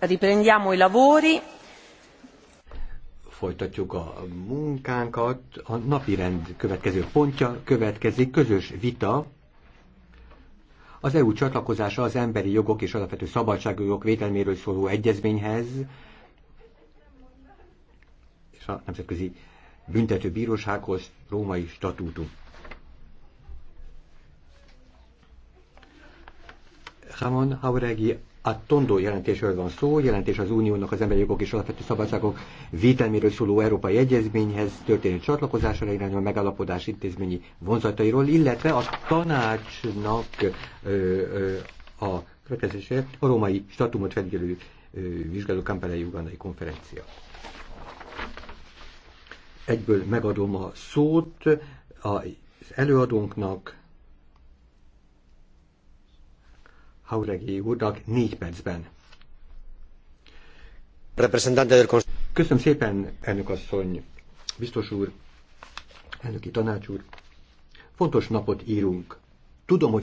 Riprendiamo i lavori. Folytatjuk a munkánkat. A napi rend következő pontja következik közös vita az EU csatlakozása az emberi jogok és alapvető szabadságjogok védelméről szóló egyezményhez és a Nemzetközi Büntetőbírósághoz római statútum. Hamon Hauregi a jelentésről van szó, jelentés az Uniónak az emberi jogok és alapvető szabadságok vételméről szóló Európai Egyezményhez történő csatlakozásra irányuló megállapodás intézményi vonzatairól, illetve a tanácsnak ö, ö, a következésére a római statumot felügyelő vizsgáló kampelei ugandai konferencia. Egyből megadom a szót az előadónknak, Hauregi úrnak négy percben. Köszönöm szépen, elnök asszony, biztos úr, elnöki tanács úr. Fontos napot írunk. Tudom, hogy